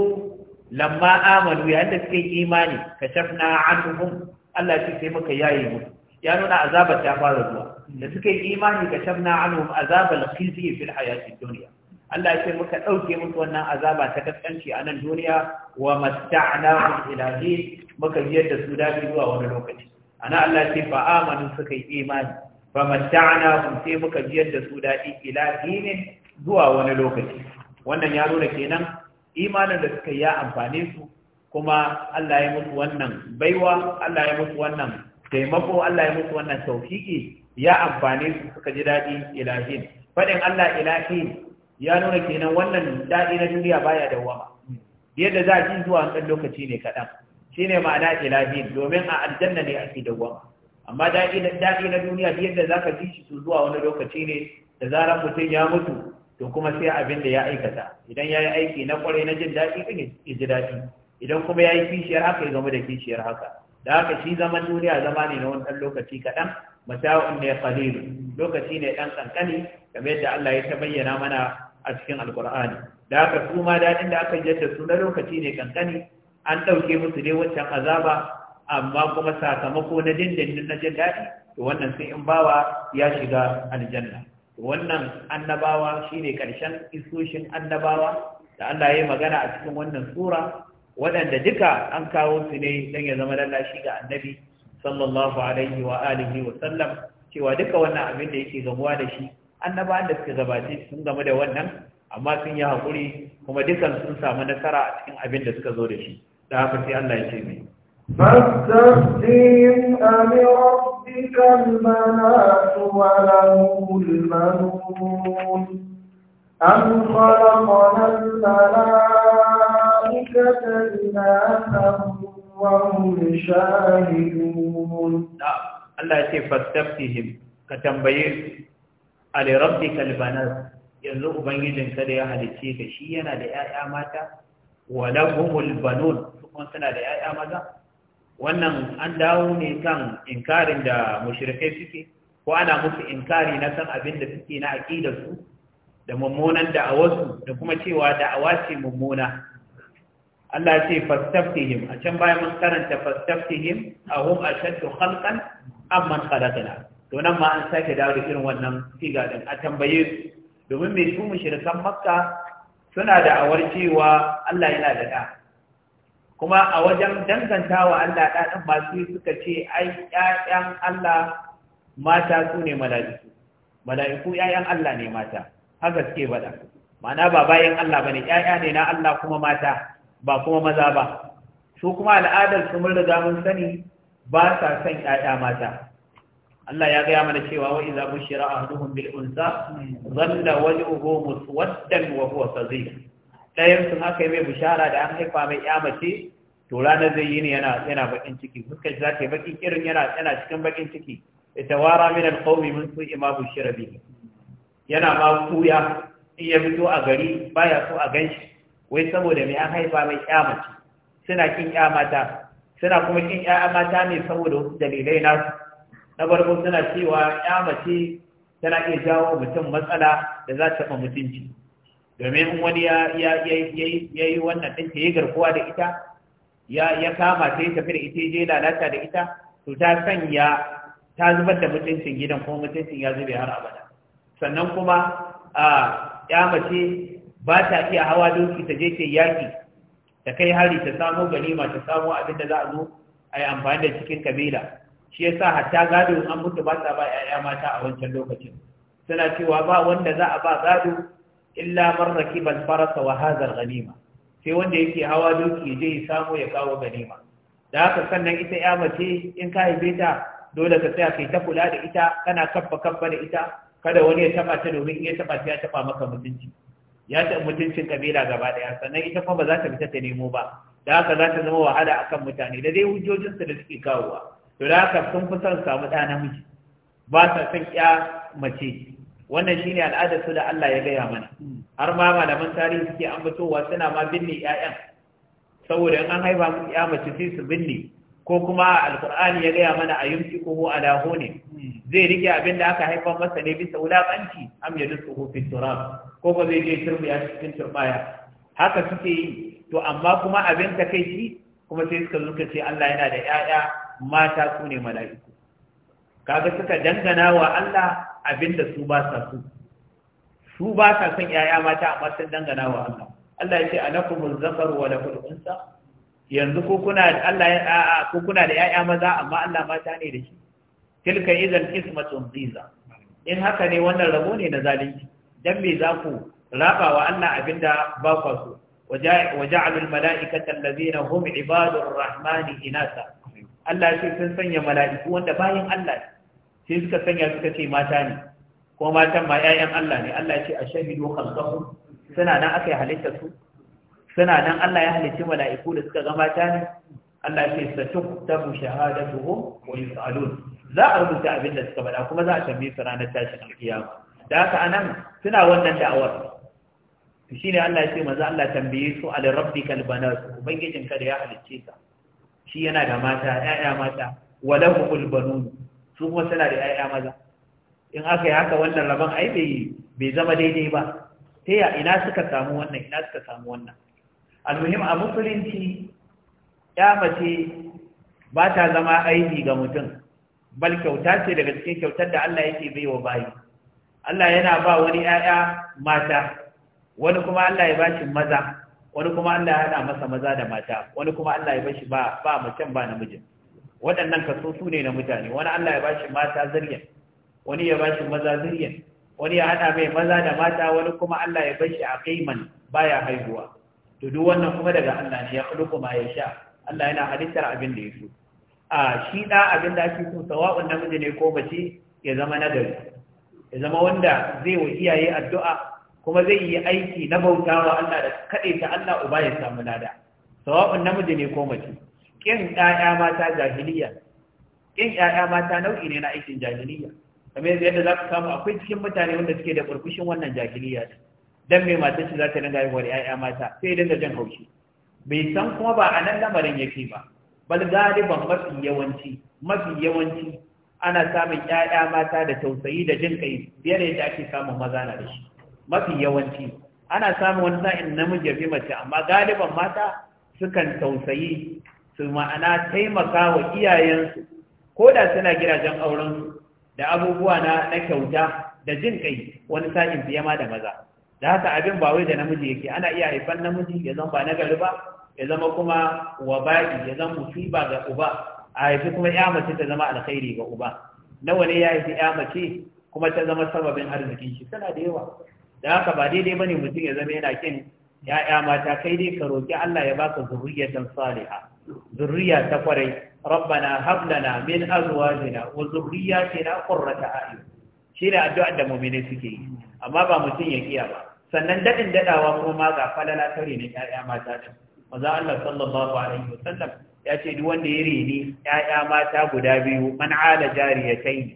lamma amanu yayin da suka yi imani kashafna anhum Allah shi sai muka yaye mu ya nuna azabar ta fara zuwa da suka yi imani kashafna anhum azabal khizi fil hayati dunya Allah ya ce muka dauke musu wannan azaba ta kaskanci a nan duniya wa matta'na ila hin muka jiyar da su dadi zuwa wani lokaci ana Allah ya ce fa amanu suka yi imani fa matta'na sai muka jiyar da su dadi ila hin zuwa wani lokaci wannan ya nuna kenan imanin da suka ya amfane su kuma Allah ya musu wannan baiwa Allah ya musu wannan taimako Allah ya musu wannan tawfiki ya amfane su suka ji daɗi ilahin faɗin Allah ilahin ya nuna kenan wannan daɗi na duniya baya dawwama yadda za a ji zuwa ɗan lokaci ne kaɗan shine ma'ana ilahin domin a aljanna ne ake dawwama amma daɗi na duniya yadda za ka ji shi zuwa wani lokaci ne da zarar mutum ya mutu to kuma sai abin da ya aikata idan ya yi aiki na kwarai na jin daɗi kan ya ji daɗi idan kuma ya yi kishiyar haka ya zama da kishiyar haka da haka shi zaman duniya zama ne na wani ɗan lokaci kaɗan mata'un ne qalil lokaci ne ɗan kankani kamar yadda Allah ya ta bayyana mana a cikin alkur'ani da haka su ma daɗin da aka jaddada su na lokaci ne kankani an ɗauke musu dai waccan azaba amma kuma sakamako na dindindin na jin daɗi to wannan sai in bawa ya shiga aljanna wannan annabawa shine karshen isoshin annabawa da Allah ya yi magana a cikin wannan sura waɗanda duka an kawo su ne don ya zama lallashi ga annabi sallallahu alaihi wa alihi wa sallam cewa duka wannan abin da yake gamuwa da shi annaba da suka gabace sun gamu da wannan amma sun yi haƙuri kuma dukan sun samu nasara a cikin abin da suka zo da shi da haka sai Allah ya ce mai فاستفتهم ألربك ربك المنات وله المنون أم خلقنا الملائكة إلاهم وهم شاهدون نعم. الله يتفى فاستفتهم كتنبيل على ربك البنات يزوغ بن يجن كده أهل الشيخ شيئنا لآي آماتا ولهم البنون فقمتنا لآي آماتا wannan an dawo ne kan inkarin da mushrikai suke ko ana musu inkari na san abin da suke na aqidarsu da mummunan da'awarsu da kuma cewa da'awa ce mummuna Allah ce fastaftihim a can bayan mun karanta fastaftihim ahum ashaddu khalqan amman khalaqna to nan ma an sake dawo da irin wannan siga din a tambaye su domin me su mushrikan makka suna da awar cewa Allah yana da da kuma a wajen dangantawa Allah ɗaɗin masu suka ce ai ‘ya'yan Allah mata su ne mala'iku mala'iku ‘ya'yan Allah ne mata haka suke bada Mana ba bayan Allah ba ne ‘ya'ya ne na Allah kuma mata ba kuma maza ba su kuma al'adar su mun riga mun sani ba sa son ‘ya'ya mata Allah ya gaya mana cewa wa iza bushira ahduhum bil unsa zalla wajhuhu muswaddan wa huwa sadid dayan sun aka yi mai bushara da an haifa mai ƴa mace to ranar zai yi ne yana yana bakin ciki fuskar za ta baki irin yana yana cikin bakin ciki ita wara min alqawmi min su ma shirabi yana ma kuya in ya fito a gari baya so a ganshi wai saboda me an haifa mai kyamaci suna kin kyamata suna kuma kin kyamata ne saboda wasu dalilai nasu na farko suna cewa kyamace tana iya jawo mutum matsala da za ta fa mutunci domin wani ya yi wannan ɗin ta yi garkuwa da ita ya ya kama sai tafi da ita je lalata da ita to ta sanya ta zubar da mutuncin gidan kuma mutuncin ya zube har abada sannan kuma a ya mace ba ta iya hawa doki ta je ta yaki ta kai hari ta samo ganima ta samo abin da za a zo a yi amfani da cikin kabila shi ya sa, hatta gado an mutu ba sa ba 'ya'ya mata a wancan lokacin suna cewa ba wanda za a ba gado illa marraki bal farasa wa hadha ganima sai wanda yake hawa doki ya je ya samu ya kawo ganima da haka sannan ita ya mace in ka haife ta dole ka tsaya kai ta kula da ita kana kabba kabba da ita kada wani ya taba ta domin in ya taba ta ya taba maka mutunci ya ta mutuncin kabila gaba daya sannan ita kuma ba za ta fita ta nemo ba da haka za ta zama wahala akan mutane da dai hujjojinsu da suke kawowa to da haka sun fi son samu ɗa namiji ba sa son ya mace wannan shine al'adar su da Allah ya gaya mana har ma malaman tarihi suke ambatowa suna ma binne 'ya'yan saboda in an haifa musu ya mace sai su binne ko kuma alkur'ani ya gaya mana a ko ko ala ne. zai rike abin da aka haifa masa ne bisa wulaƙanci am ya dusu ko turab ko ba zai je ya cikin turbaya haka suke yi to amma kuma abin ta kai shi kuma sai suka zuka ce Allah yana da 'ya'ya mata su ne mala'iku kaga suka dangana wa Allah abinda da su ba sa su su ba sa son yaya mata amma sun dangana wa Allah Allah ya ce alakumul zakar wa da unsa yanzu ko kuna Allah ya ko kuna da yaya maza amma Allah mata ne da shi tilka idan ismatun ziza in haka ne wannan rabo ne na zalunci dan me za ku raba wa Allah abinda ba ku so وجعل الملائكة na hum ibadur الرحمن inasa. Allah ce sun sanya mala'iku wanda bayan Allah sai suka sanya suka ce mata ne ko matan ma 'ya'yan Allah ne Allah ce a shahidu khalqahu suna nan aka yi halitta su suna nan Allah ya halicci mala'iku da suka ga mata ne Allah ce satuktabu shahadatuhum wa yus'alun za a rubuta abin da suka faɗa kuma za a tambaye su ranar tashin alkiyama da haka anan suna wannan da'awar shi ne Allah ya ce maza Allah tambaye su al rabbikal banat ubangijin ka da ya halicce ka shi yana da mata ƴaƴa mata walahu banun su kuma suna da ƴaƴa maza in aka yi haka wannan rabon ai bai zama daidai ba ta ya ina suka samu wannan ina suka samu wannan almuhim a musulunci ya mace ba ta zama aiki ga mutum bal kyauta ce daga cikin kyautar da Allah yake bai wa bayi Allah yana ba wani 'ya'ya mata wani kuma Allah ya bashi maza wani kuma Allah ya hada masa maza da mata wani kuma Allah ya bashi ba ba mace ba namijin waɗannan kaso su ne na mutane wani Allah ya bashi mata zariya wani ya bashi maza zuriya wani ya hada mai maza da mata wani kuma Allah ya bashi a kaiman baya haihuwa to duk wannan kuma daga Allah ne ya kuma ya sha. Allah yana halittar abin da yaso a shi da abin da ake so sawa'un namiji ne ko mace ya zama nagari ya zama wanda zai wa iyaye addu'a kuma zai yi aiki na bautawa Allah da ta Allah uba ya samu lada sawa'un namiji ne ko mace kin ƴaƴa mata jahiliya kin ƴaƴa mata nau'i ne na aikin jahiliya kamar yanzu yadda za ka samu akwai cikin mutane wanda suke da burbushin wannan jahiliya dan mai matar shi za ta dinga haihuwar ƴaƴa mata sai dinga jan haushi bai san kuma ba a nan lamarin yake ba bal galiban mafi yawanci mafi yawanci ana samun ƴaƴa mata da tausayi da jin kai fiye da yadda ake samun maza na da shi mafi yawanci ana samun wani sa'in namiji ya fi mace amma galiban mata sukan tausayi su ma'ana taimaka wa iyayensu ko da suna gidajen auren da abubuwa na na kyauta da jin kai wani sa'in fiye ma da maza da haka abin ba wai da namiji yake ana iya haifan namiji ya zama ba na gari ba ya zama kuma wabai ya zama musiba ga uba a haifi kuma ya mace ta zama alkhairi ga uba nawa ne ya haifi ya mace kuma ta zama sababin arzikin shi tana da yawa da haka ba daidai bane mutum ya zama yana kin ya'ya mata kai dai ka roki Allah ya baka dan saliha zuriya ta kwarai rabbana hab lana min azwajina wa dhurriyyatina qurrata a'yun shi addu'a da mu'mini suke yi amma ba mutum ya kiya ba sannan dadin dadawa kuma ma ga falala tare ne ƴaƴa mata din manzo Allah sallallahu alaihi wasallam ya ce duk wanda ya rini ƴaƴa mata guda biyu man ala jariyatayn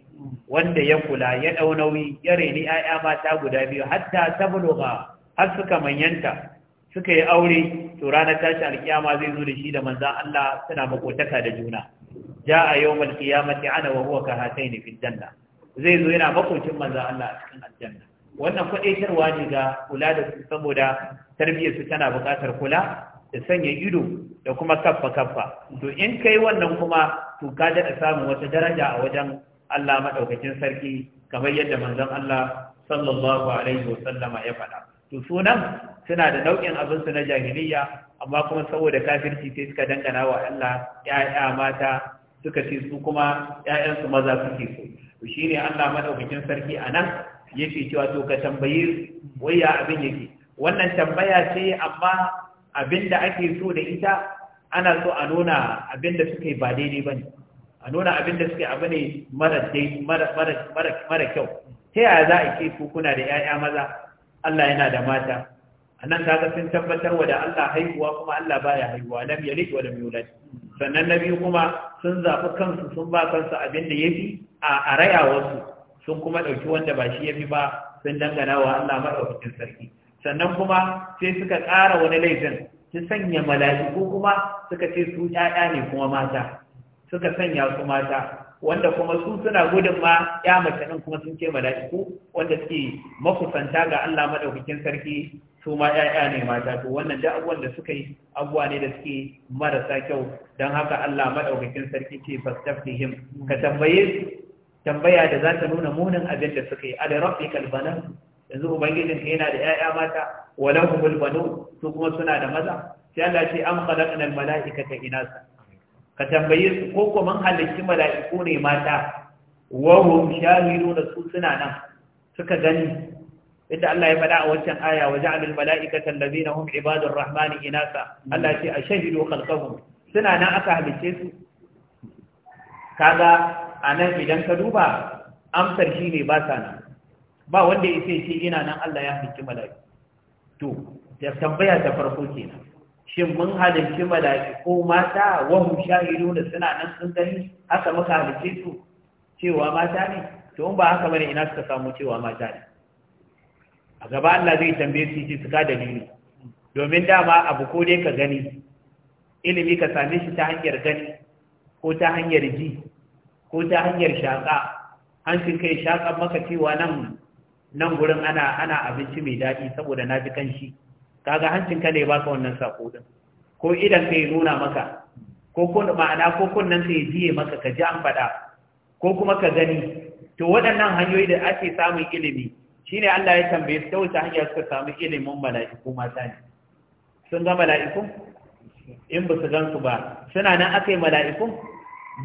wanda ya kula ya dau nauyi ya rini ƴaƴa mata guda biyu hatta tabluga har suka manyanta suka yi aure to ranar tashi alkiyama zai zo da shi da manzan Allah suna makotaka da juna ja a yau mal mace ana wa huwa kahatayn fi janna zai zo yana makocin manzan Allah a cikin aljanna wannan kwadaitarwa ne ga kula da su saboda tarbiyyar su tana buƙatar kula da sanya ido da kuma kaffa kaffa to in kai wannan kuma to ka da samun wata daraja a wajen Allah maɗaukacin sarki kamar yadda manzan Allah sallallahu alaihi wasallama ya faɗa to sunan suna da nau'in abinsu na jahiliya amma kuma saboda kafirci sai suka dangana wa Allah ‘ya'ya mata suka ce su kuma ‘ya'yansu maza suke so shi ne Allah madaukakin sarki a nan yake cewa to ka tambayi waya abin yake wannan tambaya ce amma abin da ake so da ita ana so a nuna abin da suke ba daidai ba a nuna abin da suke abu ne mara kyau ta yaya za a ce ku kuna da ‘ya'ya maza Allah yana da mata annan kaga sun tabbatar wa da Allah haihuwa kuma Allah baya haihuwa lam yalid wa lam yulad sannan na biyu kuma sun zafi kansu sun ba kansu abin da yafi a araya wasu sun kuma dauki wanda ba shi yafi ba sun dangana wa Allah madaukakin sarki sannan kuma sai suka ƙara wani laifin su sanya mala'iku kuma suka ce su ƴaƴa ne kuma mata suka sanya su mata wanda kuma su suna gudun ma ya mace ɗin kuma sun ce mala'iku wanda suke makusanta ga Allah madaukakin sarki su ma ‘ya'ya ne mata to wannan da abubuwan da suka yi abubuwa ne da suke marasa kyau don haka Allah maɗaukakin sarki ce fastafihim ka tambaye tambaya da za ta nuna munin abin da suka yi ala rabbi kalbanan yanzu ubangijin ka yana da ‘ya'ya mata walau humul banu su kuma suna da maza sai Allah ce an khalaqna al mala'ikata inasa ka tambaye su ko kuma mun halicci mala'iku ne mata wa hum shahiduna su suna nan suka gani inda Allah ya faɗa a wancan aya wa ja'alul mala'ikata allazina hum ibadur rahmani inasa Allah ce a shahidu khalqahum suna nan aka halice su kaga anan idan ka duba amsar shine ba sa nan ba wanda yake ce ina nan Allah ya halicci mala'iku to ya tambaya ta farko kenan shin mun halicci ko mata wa hum shahiduna suna nan sun gani aka muka halicce su cewa mata ne to in ba haka bane ina suka samu cewa mata ne a gaba Allah zai tambaye su ce su ka dalili domin dama abu ko dai ka gani ilimi ka same shi ta hanyar gani ko ta hanyar ji ko ta hanyar shaƙa hancin kai shaƙan maka cewa nan nan gurin ana ana abinci mai daɗi saboda na ji kanshi kaga hancin ka ne baka wannan sako din ko idan kai nuna maka ko kun ma'ana ko kunnan kai jiye maka ka ji an faɗa ko kuma ka gani to waɗannan hanyoyi da ake samun ilimi shine Allah ya tambaye su ta wuce suka samu ilimin mala'iku mata ne sun ga mala'ikun in ba su gan su ba suna nan aka yi mala'ikun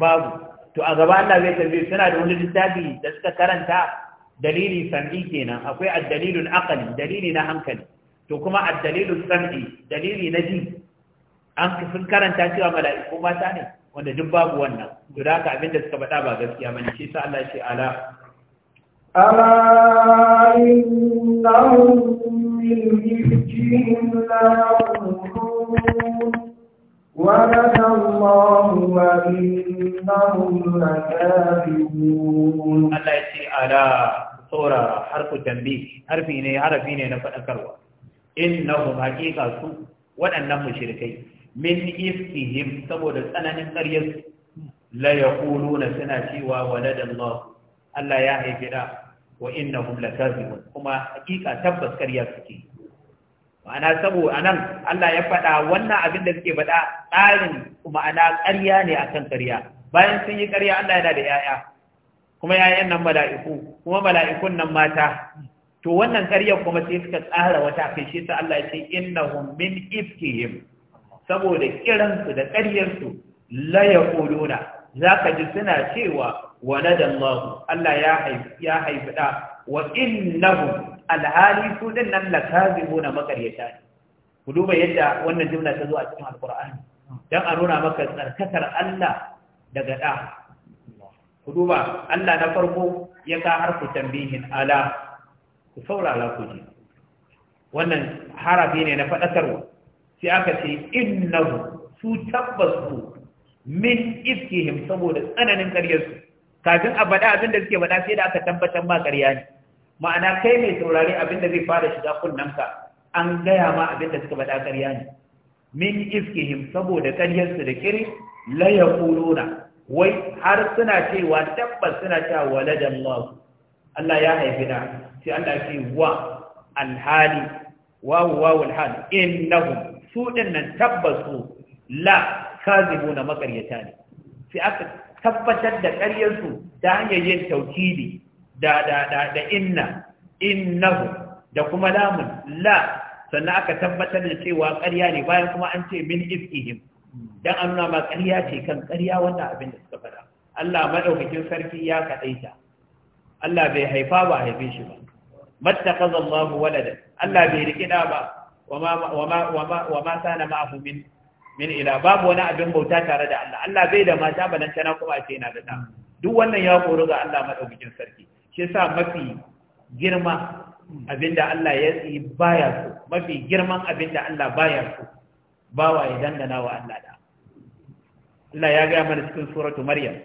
babu to a gaba Allah zai tambaye suna da wani littafi da suka karanta dalili sam'i kenan akwai addalilul aqli dalili na hankali to kuma addalilul sam'i dalili na ji an sun karanta cewa mala'iku mata ne wanda duk babu wannan to da haka abinda suka faɗa ba gaskiya bane shi sa Allah shi ala Allah ya ce a da saurara harfi tambi, harfi ne, harafi ne na faɗakarwa, inna mu haƙiƙa su waɗannan mu shirkai, min him saboda tsananin ƙaryar la ya suna cewa wa ladan Allah ya haifi da wa innahum lakazibun kuma hakika tabbas ƙarya suke ma'ana sabo anan Allah ya faɗa wannan abin da suke faɗa tsarin ma'ana ƙarya ne akan ƙarya bayan sun yi ƙarya Allah yana da yaya kuma yayan nan mala'iku kuma mala'ikun nan mata to wannan ƙaryar kuma sai suka tsara wata kai shi Allah ya ce innahum min ifkihim saboda kiransu da ƙaryarsu la yaquluna zaka ji suna cewa waladan Allah Allah ya haifi ɗa haifi da wa innahu alhali su din nan lakazibuna makaryata ne ku duba yadda wannan jimla ta zo a cikin Alƙur'ani, don a nuna maka tsarkakar Allah daga ɗa. ku duba Allah na farko ya ka harfu tambihin ala ku saura ala ku ji wannan harafi ne na fadakarwa sai aka ce innahu su tabbas ku min ifkihim saboda tsananin karyarsu kafin a faɗa abin da suke faɗa sai da aka tabbatar ba ƙarya ne ma'ana kai mai saurari abin da zai fara shiga kunnanka an gaya ma abin da suka faɗa ƙarya ne min iskihim saboda ƙaryarsu da kiri la yaquluna wai har suna cewa tabbas suna cewa waladan Allah Allah ya haifi da sai Allah ce wa alhali wawu wawul hal innahum su dinnan tabbas la kazibuna makaryata ne sai aka tabbatar da ƙaryarsu ta hanyar yin taukidi da da da da inna innahu da kuma lamun la sannan aka tabbatar da cewa ƙarya ne bayan kuma an ce min ifkihim dan an nuna ma ƙarya ce kan ƙarya wannan abin da suka faɗa Allah madaukakin sarki ya kaɗaita Allah bai haifa ba haife shi ba mattakaza Allah walada Allah bai rikida ba wama wama wama wama sana ma'ahu min min ila babu wani abin bauta tare da Allah Allah bai da mata balantana kuma a ce yana da ta. duk wannan ya koru ga Allah madaukakin sarki shi yasa mafi girma abinda Allah ya yi baya so mafi girman abinda Allah baya so bawa ya dangana wa Allah da Allah ya ga mana cikin suratu Maryam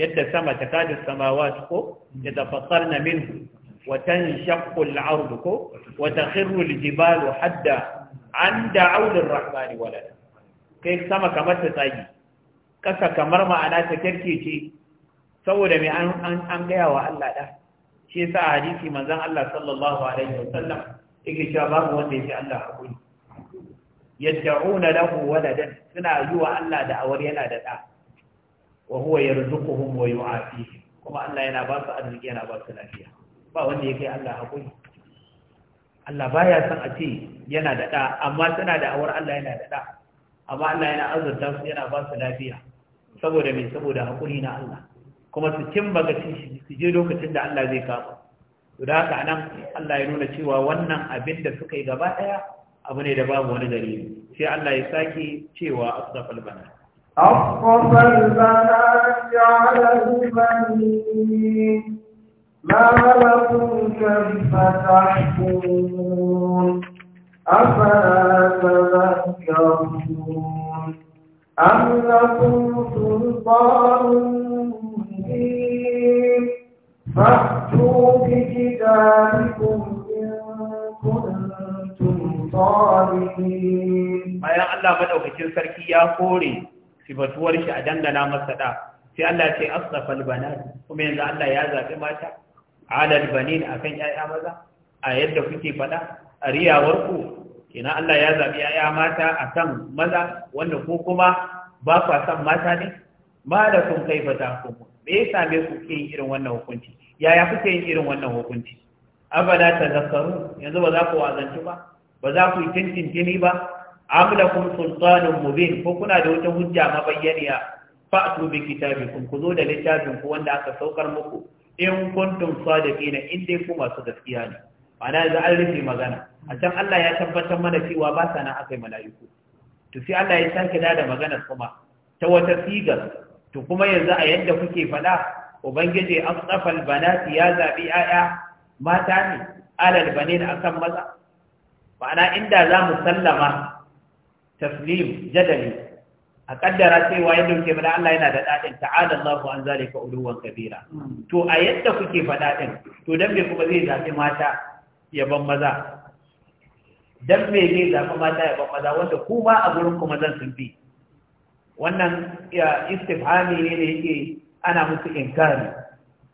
yadda sama ta kada samawat ko ya tafakkarna min wa tanshaqqu al-ardu ko wa takhirru al-jibalu hadda an da'u lir-rahmani walada kai sama kamar ta tsagi ƙasa kamar ma'ana ta kyarkece saboda mai an gaya wa Allah ɗa shi sa a hadisi manzan Allah sallallahu alaihi wasallam yake cewa babu wanda yake Allah hakuri yad'una lahu waladan suna yi wa Allah da awar yana da ɗa wa huwa yarzuquhum wa yu'afihim kuma Allah yana ba su arziki yana ba su lafiya ba wanda ya kai Allah hakuri Allah baya son a ce yana da ɗa amma suna da awar Allah yana da ɗa amma Allah yana azurta su yana ba su lafiya saboda me saboda hakuri na Allah kuma su cimma shi su je lokacin da Allah zai kafa to da haka nan Allah ya nuna cewa wannan abin da suka yi gaba ɗaya abu ne da babu wani dalili sai Allah ya sake cewa asrafal bana asrafal bana ja'alahu bani ma lakum أفلا تذكرون أم لكم سلطان مبين فأتوا بكتابكم إن كنتم صادقين ما يا الله sifatuwar shi a dangana masada, sai Allah ce asrafal banat kuma yanzu Allah ya zabi mata alal banin akan yaya maza a yadda kuke fada a riyawarku kenan Allah ya zaɓi ‘ya'ya mata a kan maza wanda ko kuma ba ku san mata ne ma da kun kai ba ku me ya same ku ke yin irin wannan hukunci yaya kuke yin irin wannan hukunci abada ta zakaru yanzu ba za ku wazanci ba ba za ku yi gini ba amlakum sultanun mubin ko kuna da wata hujja mabayyaniya su bi kitabikum ku zo da littafin ku wanda aka saukar muku in kuntum sadiqina in dai ku masu gaskiya ne ana yanzu an rufe magana a can Allah ya tabbatar mana cewa ba sa nan aka yi mala'iku to sai Allah ya sake da magana kuma ta wata sigar to kuma yanzu a yadda kuke faɗa ubangiji an banati ya zaɓi 'ya'ya mata ne alal banin akan maza ma'ana inda za mu sallama taslim jadali a kaddara cewa yadda kuke faɗa Allah yana da daɗin ta'ala Allahu an zalika uluwan kabira hmm. to a yadda kuke faɗa ɗin, to dan me kuma zai zaɓi mata ya maza dan me zai zaɓi mata ya ban maza wanda ku ba a gurin ku mazan sun fi wannan ya istifhami ne ne yake ana musu inkari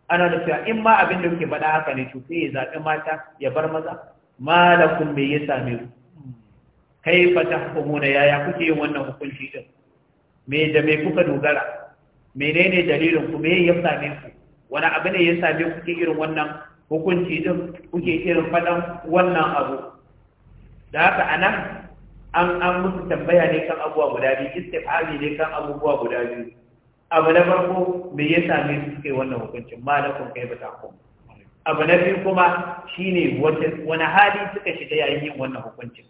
ana da cewa in ma abin da kuke bada haka ne to sai ya zaɓi mata ya bar maza malakun me ya same ku kai fa ta hukumuna yaya kuke yin wannan hukunci din me da me kuka dogara menene dalilin ku me ya same ku wani abu ne ya same ku irin wannan hukunci din kuke irin faɗan wannan abu da haka anan an an musu tambaya ne kan abubuwa guda biyu istifhami ne kan abubuwa guda biyu abu na farko me ya same su suke wannan hukuncin malakun kai ba takum abu na biyu kuma shine wani hali suka shiga yayin yin wannan hukuncin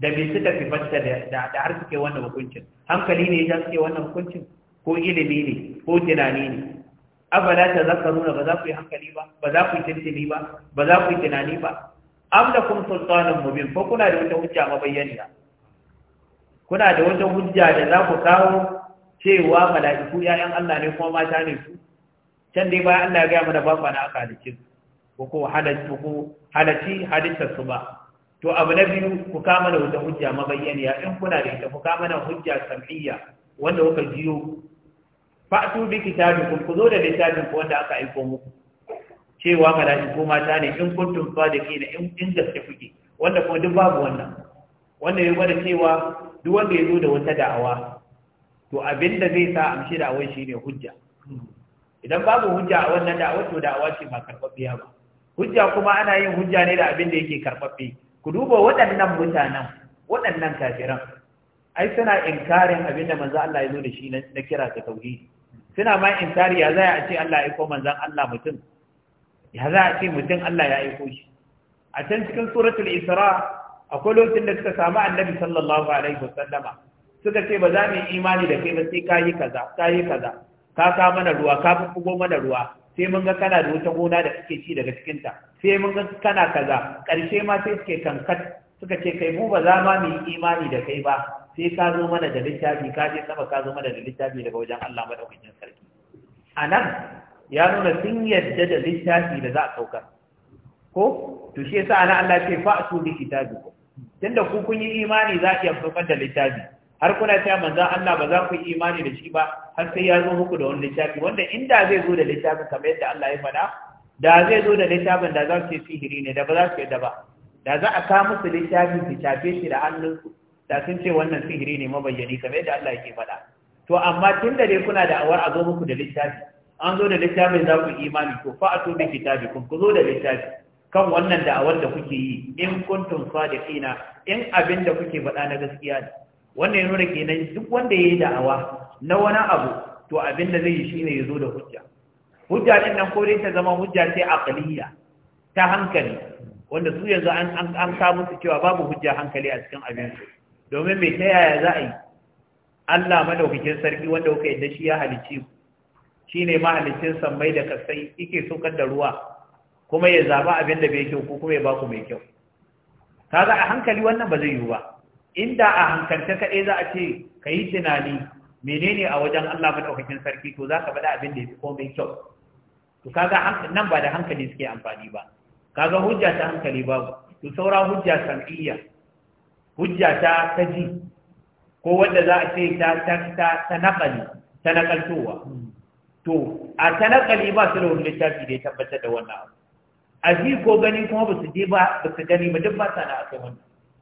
da me suka fi fasta da har suke wannan hukuncin hankali ne ya suke wannan hukuncin ko ilimi ne ko tunani ne abala ta zakaruna nuna ba za ku yi hankali ba ba za ku yi tuntuni ba ba za ku yi tunani ba am kun sultanun mubin ko kuna da wata hujja bayyana kuna da wata hujja da za ku kawo cewa mala'iku yayan Allah ne kuma mata ne su can dai bayan Allah ya gaya mana ba na aka halice ko ko halatu ko halati halitta su ba to abu na biyu ku kama mana wata hujja bayyana in kuna da ita ku kama mana hujja sam'iyya wanda kuka jiyo fa'tu bi kitabikum ku zo da littafin ku wanda aka aika muku cewa ko mata ne in kuntum ke in in gaske kuke wanda kuma duk babu wannan wanda ya gwada cewa duk wanda ya zo da wata da'awa to abin da zai sa amshi da awai shine hujja idan babu hujja a wannan da'awa to da'awa ce ba karɓaɓɓiya ba hujja kuma ana yin hujja ne da abin da yake karɓaɓɓe ku duba waɗannan mutanen waɗannan kafiran ai suna inkarin abin da manzo Allah ya zo da shi na kira ta tauhidi suna ma inkari ya zai a ce Allah ya aiko manzon Allah mutum ya za a ce mutum Allah ya aiko shi a can cikin suratul isra akwai lokacin da suka samu annabi sallallahu alaihi wasallama suka ce ba za mu yi imani da kai ba sai kayi kaza kayi kaza ka ka mana ruwa ka fuffugo mana ruwa sai mun ga kana da wata gona da kake ci daga cikin ta sai mun ga kana kaza karshe ma sai suke kankat suka ce kai mu ba za ma mu yi imani da kai ba sai ka zo mana da littafi ka je sama ka zo mana da littafi daga wajen Allah madaukakin sarki anan ya nuna sun yadda da littafi da za a saukar ko to shi yasa ana Allah ce su bi ko. tunda ku kun yi imani za ki saukar da littafi har kuna cewa manzon Allah ba za ku yi imani da shi ba har sai ya zo muku da wani littafi wanda inda zai zo da littafin kamar yadda Allah ya faɗa da zai zo da littafin da za su ce sihiri ne da ba za su yadda ba da za a kawo musu littafin su tafe shi da hannunsu da sun ce wannan sihiri ne mabayyani kamar yadda Allah yake faɗa to amma tunda dai kuna da awar a zo muku da littafi an zo da littafin za ku imani to fa a to bi kun ku zo da littafi kan wannan da'awar da kuke yi in kuntum sadiqina in abin da kuke faɗa na gaskiya ne wannan ya nuna kenan duk wanda yayi da'awa na wani abu to abin da zai yi shine ya zo da hujja hujja din nan ko dai ta zama hujja ce aqliya ta hankali wanda su yanzu an an an sa musu cewa babu hujja hankali a cikin abin su domin me ta yaya za a yi Allah madaukakin sarki wanda kuka yadda shi ya halicce ku Shi ne mahalicin sammai da kasai yake sokar da ruwa kuma ya zaba abin da bai kyau ko kuma ya ba ku mai kyau kaga a hankali wannan ba zai yiwu ba inda a hankalta kaɗai za a ce ka yi tunani menene a wajen Allah madaukakin sarki to za ka faɗi abin da ya fi komai kyau to kaga nan ba da hankali suke amfani ba kaga hujja ta hankali ba, to saura hujja sam'iyya hujja ta taji ko wanda za a ce ta ta ta naƙali ta nakaltowa to a tanakali ba su da wani littafi da ya tabbatar da wannan abu a ji ko gani kuma ba su je ba ba su gani ba duk ba sa na aka wannan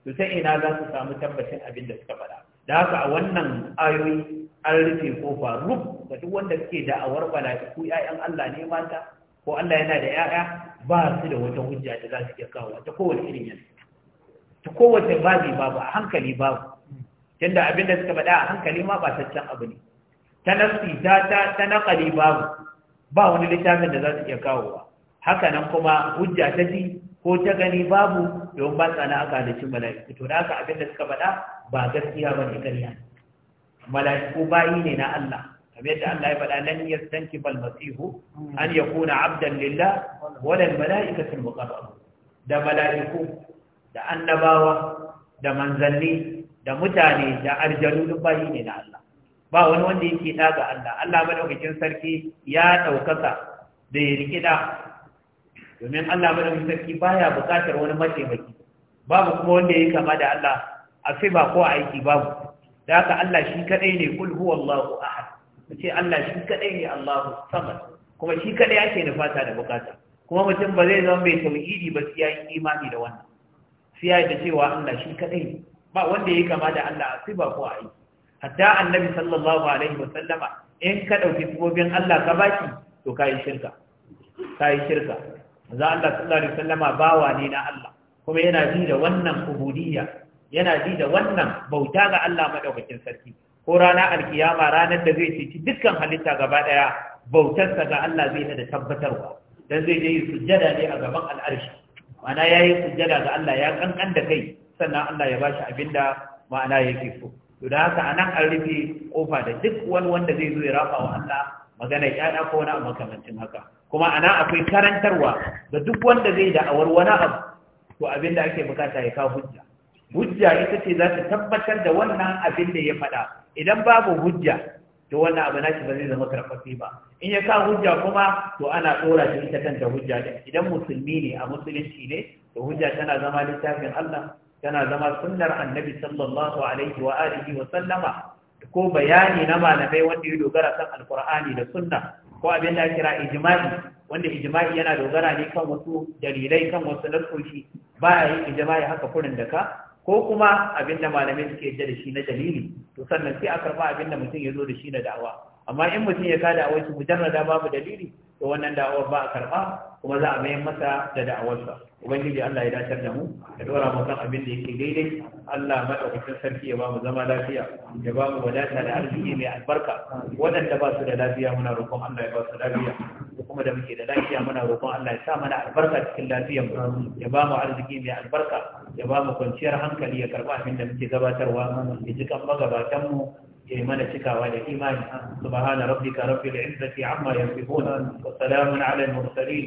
to sai ina za su samu tabbacin abin da suka faɗa da haka a wannan ayoyi an rufe kofa rub ga duk wanda suke da'awar ko ƴaƴan Allah ne mata ko Allah yana da ƴaƴa ba su da wata hujja da za su iya kawo ta kowace irin yanzu ta kowace babi babu a hankali babu tunda abin da suka faɗa a hankali ma ba taccen abu ne ta nafsi ta ta ta naqali babu ba wani littafin da za su iya kawowa haka nan kuma hujja ta ji ko ta gani babu don ba tsana aka cin mala'iku to da haka abin da suka faɗa ba gaskiya ba ne ƙarya mala'iku bayi ne na Allah kamar yadda Allah ya faɗa lan yastanki bal masihu an yakuna abdan lillah wa al mala'ikatu muqarrab da mala'iku da annabawa da manzanni da mutane da arjalu duk bayi ne na Allah ba wani wanda yake da ga Allah Allah madaukakin sarki ya daukaka da ya rike da domin Allah madaukakin sarki baya bukatar wani mataimaki babu kuma wanda yake kama da Allah a ba ko aiki babu da haka Allah shi kadai ne kul huwallahu ahad ce Allah shi kadai ne Allahu samad kuma shi kadai yake da fata da bukata kuma mutum ba zai zama mai tauhidi ba sai yayi imani da wannan sai ya da cewa Allah shi kadai ba wanda yake kama da Allah a ba ko aiki hatta annabi sallallahu alaihi wa sallama in ka dauki sifofin Allah ka baki to kai shirka kai shirka manzo Allah sallallahu alaihi wa sallama bawa ne na Allah kuma yana ji da wannan ubudiyya yana ji da wannan bauta ga Allah madaukakin sarki ko rana alkiyama ranar da zai ceci dukkan halitta gaba daya sa ga Allah zai da tabbatarwa dan zai je yi sujjada ne a gaban al'arshi ma'ana ya yi sujjada ga Allah ya kankan da kai sannan Allah ya bashi abin da ma'ana yake so to da haka anan an rufe kofa da duk wani wanda zai zo ya rafa wa Allah magana ya ko wani makamancin haka kuma ana akwai karantarwa da duk wanda zai da'awar wani abu to abin da ake bukata ya kawo hujja hujja ita ce za ta tabbatar da wannan abin da ya faɗa idan babu hujja to wannan abu nashi ba zai zama karfafi ba in ya kawo hujja kuma to ana tsora shi ita kanta hujja din idan musulmi ne a musulunci ne to hujja tana zama littafin Allah yana zama sunnar annabi sallallahu alaihi wa alihi wa sallama ko bayani na malamai wanda ya dogara kan alkur'ani da sunna ko abin da kira ijma'i wanda ijma'i yana dogara ne kan wasu dalilai kan wasu nasoshi ba a yi ijma'i haka kurin da ka ko kuma abin da malamai suke yadda da shi na dalili to sannan sai a karba abin da mutum ya zo da shi na da'awa amma in mutum ya ka da'awar shi mujarrada babu dalili to wannan da'awar ba a karɓa kuma za a mayan masa da da'awarsa ubangiji Allah ya dacar da mu ya dora mu kan abin da yake daidai Allah madaukakin sarki ya ba mu zama lafiya ya ba mu wadata da arziki mai albarka waɗanda ba su da lafiya muna roƙon Allah ya ba su lafiya kuma da muke da lafiya muna roƙon Allah ya sa mana albarka cikin lafiyar mu ya ba mu arziki mai albarka ya ba mu kwanciyar hankali ya karɓa abin da muke gabatarwa ya ji kan magabatan mu إيمان شكاوى الإيمان سبحان ربك رب العزة Wa يصفون وسلام على المرسلين